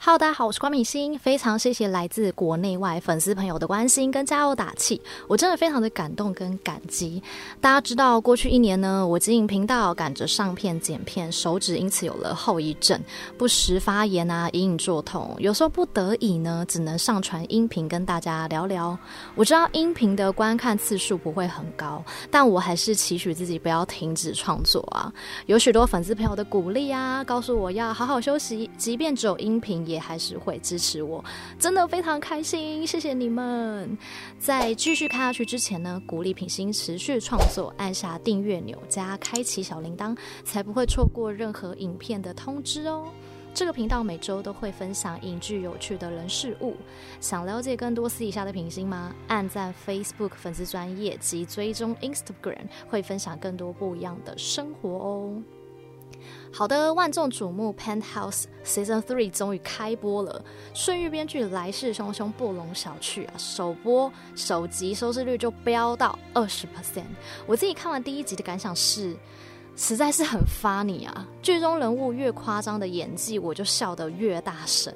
哈，大家好，我是官品心，非常謝謝來自國內外粉絲朋友的關心跟加油打氣，我真的非常的感動跟感激。大家知道過去一年呢，我經營頻道趕着上片剪片，手指因此有了後遺症，不時發炎啊，隱隱作痛，有時候不得已呢，只能上傳音頻跟大家聊聊。我知道音頻的觀看次數不會很高，但我還是期許自己不要停止創作啊。有許多粉絲朋友的鼓勵啊，告訴我要好好休息，即便只有音頻。也還是會支持我，真的非常開心，謝謝你們！在繼續看下去之前呢，鼓勵品心持續創作，按下訂閱鈕加開啟小鈴鐺，才不會錯過任何影片的通知哦。這個頻道每週都會分享影劇有趣的人事物，想了解更多私底下的品心嗎？按贊 Facebook 粉絲專頁及追蹤 Instagram，會分享更多不一樣的生活哦。好的，萬眾矚目《Penthouse Season Three》終於開播了，順玉編劇來勢洶洶，不容小覷啊！首播首集收視率就飆到二十 percent，我自己看完第一集的感想是。實在是很 funny 啊！劇中人物越誇張的演技，我就笑得越大聲。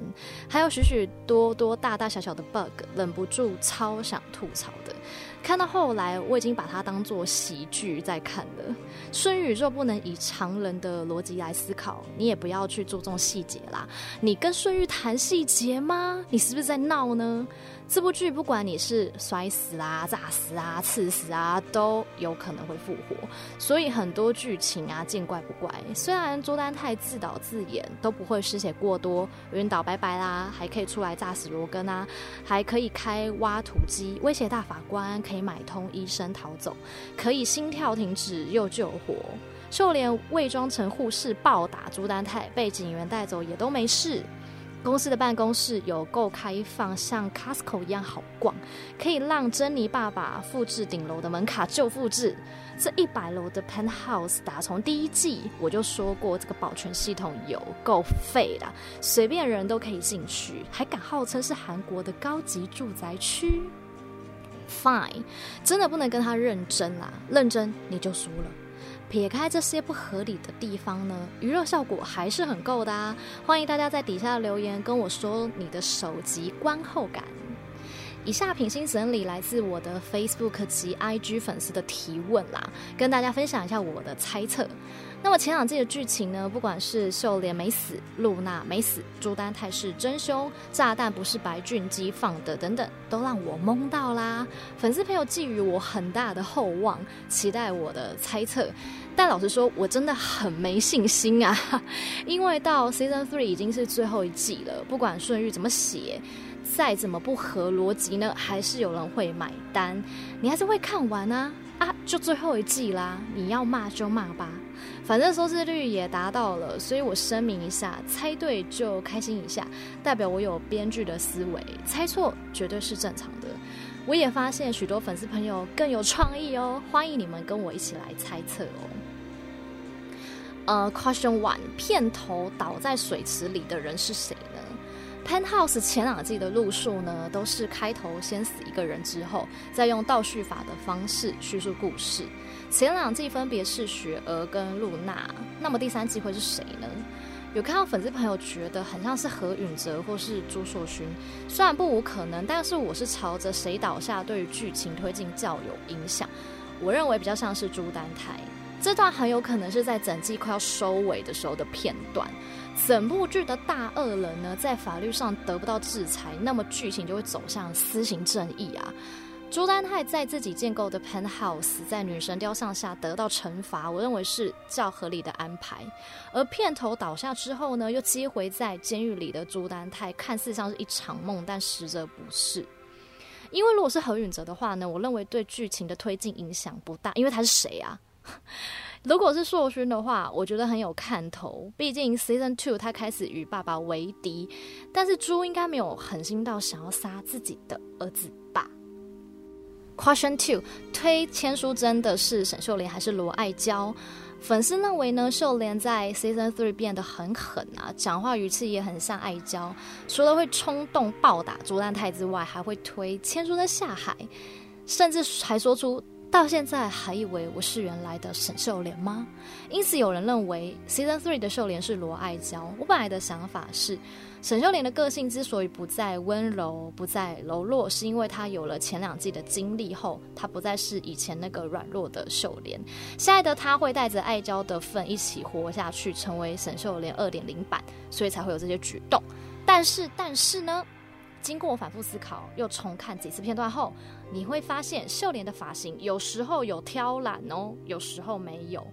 還有許許多多大大小小的 bug，忍不住超想吐槽的。看到後來，我已經把它當做喜劇在看了。順玉就不能以常人的邏輯來思考，你也不要去注重細節啦。你跟順玉談細節嗎？你是不是在鬧呢？這部劇不管你是摔死啊、炸死啊、刺死啊，都有可能會復活，所以很多劇情啊見怪不怪。雖然朱丹泰自導自演都不會失血過多暈倒拜拜啦，還可以出來炸死羅根啊，還可以開挖土機威脅大法官，可以買通醫生逃走，可以心跳停止又救活，秀蓮偽裝成護士暴打朱丹泰被警員帶走也都沒事。公司的辦公室有夠開放，像 Costco 一樣好逛，可以讓珍妮爸爸複製頂樓的門卡就複製。這一百樓的 penthouse，打從第一季我就說過，這個保全系統有夠廢的，隨便人都可以進去，還敢號稱是韓國的高級住宅區？Fine，真的不能跟他認真啦、啊，認真你就輸了。撇開這些不合理的地方呢，娛樂效果還是很夠的啊！歡迎大家在底下留言跟我說你的首集觀後感。以下品心整理來自我的 Facebook 及 IG 粉絲的提問啦，跟大家分享一下我的猜測。那麼前兩季的劇情呢，不管是秀蓮沒死、露娜沒死、朱丹泰是真凶、炸彈不是白俊基放的等等，都讓我懵到啦。粉絲朋友寄予我很大的厚望，期待我的猜測，但老實說，我真的很沒信心啊，因為到 Season Three 已經是最後一季了，不管順玉怎麼寫。再怎麼不合邏輯呢，還是有人會買單，你還是會看完啊啊！就最後一季啦，你要罵就罵吧，反正收視率也達到了。所以我聲明一下，猜對就開心一下，代表我有編劇的思維；猜錯絕對是正常的。我也發現許多粉絲朋友更有創意哦，歡迎你們跟我一起來猜測哦。呃，uh，Question One，片頭倒在水池裡的人是誰？Penthouse 前兩季的路數呢，都是開頭先死一個人，之後再用倒敘法的方式敘述故事。前兩季分別是雪娥跟露娜，那麼第三季會是誰呢？有看到粉絲朋友覺得很像是何允哲或是朱碩勳，雖然不無可能，但是我是朝着誰倒下對於劇情推進較有影響。我認為比較像是朱丹泰，這段很有可能是在整季快要收尾的時候的片段。整部劇的大惡人呢，在法律上得不到制裁，那麼劇情就會走向私刑正義啊。朱丹泰在自己建構的 penthouse，在女神雕像下得到懲罰，我認為是較合理的安排。而片頭倒下之後呢，又接回在監獄裡的朱丹泰，看似像是一場夢，但實則不是。因為如果是何允哲的話呢，我認為對劇情的推進影響不大，因為他是誰啊？ 如果是碩勳的話，我覺得很有看頭。畢竟 season two 他開始與爸爸為敵，但是朱應該沒有狠心到想要殺自己的兒子吧？Question two 推千書真的是沈秀蓮還是羅愛嬌？粉絲認為呢？秀蓮在 season three 變得很狠啊，講話語氣也很像愛嬌，除了會衝動暴打朱丹泰之外，還會推千書的下海，甚至還說出。到現在還以為我是原來的沈秀蓮嗎？因此有人認為 Season Three 的秀蓮是羅愛嬌。我本來的想法是，沈秀蓮的個性之所以不再溫柔、不再柔弱，是因為她有了前兩季的經歷後，她不再是以前那個軟弱的秀蓮。現在的她會帶着愛嬌的份一起活下去，成為沈秀蓮二點零版，所以才會有這些舉動。但是，但是呢，經過我反覆思考，又重看幾次片段後。你會發現秀蓮的髮型有時候有挑染哦，有時候沒有。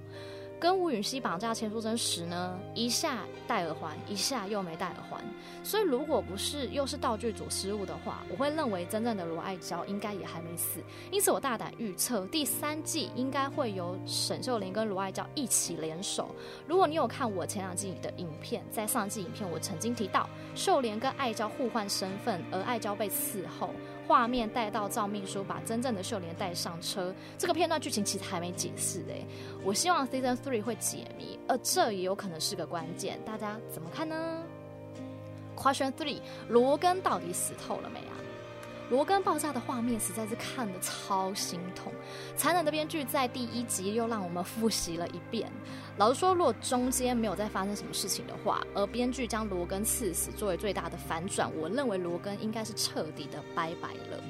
跟吳允熙綁架千書真時呢，一下戴耳環，一下又沒戴耳環。所以如果不是又是道具組失誤的話，我會認為真正的羅愛嬌應該也還沒死。因此，我大膽預測第三季應該會由沈秀蓮跟羅愛嬌一起聯手。如果你有看我前兩季的影片，在上季影片我曾經提到秀蓮跟愛嬌互換身份，而愛嬌被伺候。畫面帶到趙秘書把真正的秀蓮帶上車，這個片段劇情其實還沒解釋的耶，我希望 season three 會解謎，而這也有可能是個關鍵，大家怎麼看呢？Question three，羅根到底死透了沒啊？羅根爆炸的畫面實在是看得超心痛，殘忍的編劇在第一集又讓我們複習了一遍。老實說，如果中間沒有再發生什麼事情的話，而編劇將羅根刺死作為最大的反轉，我認為羅根應該是徹底的拜拜了。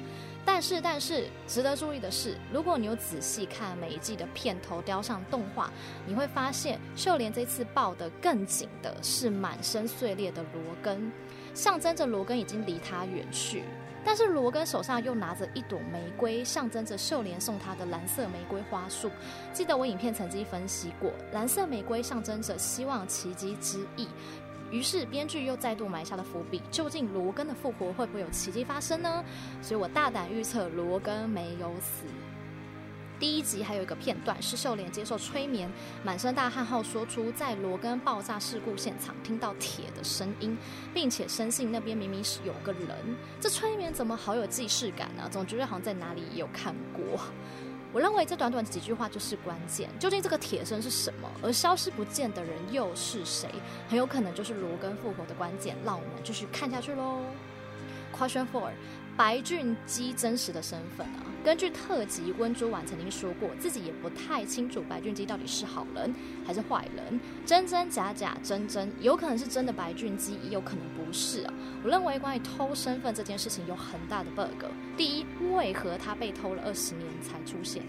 但是，但是值得注意的是，如果你有仔細看每一季的片頭雕像動畫，你會發現秀蓮這次抱得更緊的是滿身碎裂的羅根，象徵着羅根已經離他遠去。但是羅根手上又拿着一朵玫瑰，象徵着秀蓮送他的藍色玫瑰花束。記得我影片曾經分析過，藍色玫瑰象徵着希望、奇蹟之意。於是編劇又再度埋下了伏筆，究竟羅根的復活會不會有奇蹟發生呢？所以我大膽預測，羅根沒有死。第一集還有一個片段是秀蓮接受催眠，滿身大汗後說出在羅根爆炸事故現場聽到鐵的聲音，並且深信那邊明明是有個人，這催眠怎麼好有既視感呢，啊？總覺得好像在哪裡也有看過。我認為這短短幾句話就是關鍵，究竟這個鐵聲是什麼？而消失不見的人又是誰？很有可能就是羅根復活的關鍵，讓我們繼續看下去嘍。Question four。白俊基真實的身份啊，根據特輯溫朱婉曾經說過，自己也不太清楚白俊基到底是好人還是壞人，真真假假，真真有可能是真的白俊基，也有可能不是啊。我認為關於偷身份這件事情有很大的 bug。第一，為何他被偷了二十年才出現？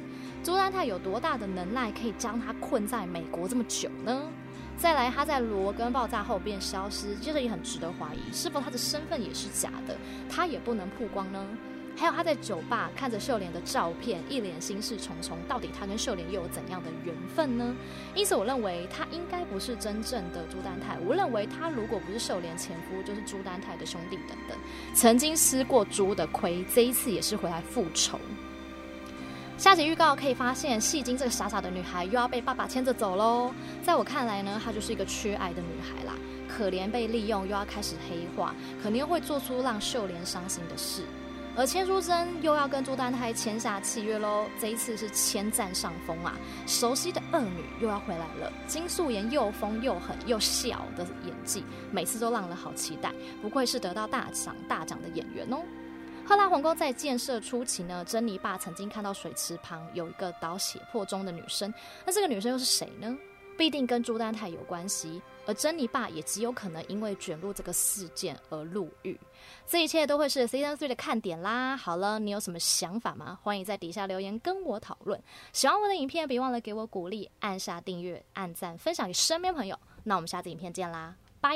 朱丹泰有多大的能耐，可以將他困在美國這麼久呢？再來，他在羅根爆炸後便消失，接著也很值得懷疑，是否他的身份也是假的？他也不能曝光呢。還有他在酒吧看着秀蓮的照片，一臉心事重重，到底他跟秀蓮又有怎樣的緣分呢？因此，我認為他應該不是真正的朱丹泰。我認為他如果不是秀蓮前夫，就是朱丹泰的兄弟等等，曾經吃過朱的虧，這一次也是回來復仇。下集預告可以發現，夕京這個傻傻的女孩，又要被爸爸牽着走嘍。在我看來呢，她就是一個缺愛的女孩啦，可憐被利用，又要開始黑化，肯定會做出讓秀蓮傷心的事。而千書真又要跟朱丹泰簽下契約嘍，這一次是千占上風啊。熟悉的惡女又要回來了，金素妍又瘋又狠又小的演技，每次都讓人好期待，不愧是得到大獎大獎的演員哦。赫拉皇宮在建設初期呢，珍妮爸曾經看到水池旁有一個倒血泊中的女生，那這個女生又是誰呢？必定跟朱丹泰有關係，而珍妮爸也極有可能因為捲入這個事件而入獄，這一切都會是 season 3的看點啦。好了，你有什麼想法嗎？歡迎在底下留言跟我討論。喜歡我的影片，別忘了給我鼓勵，按下訂閱、按讚、分享給身邊朋友。那我們下次影片見啦，拜。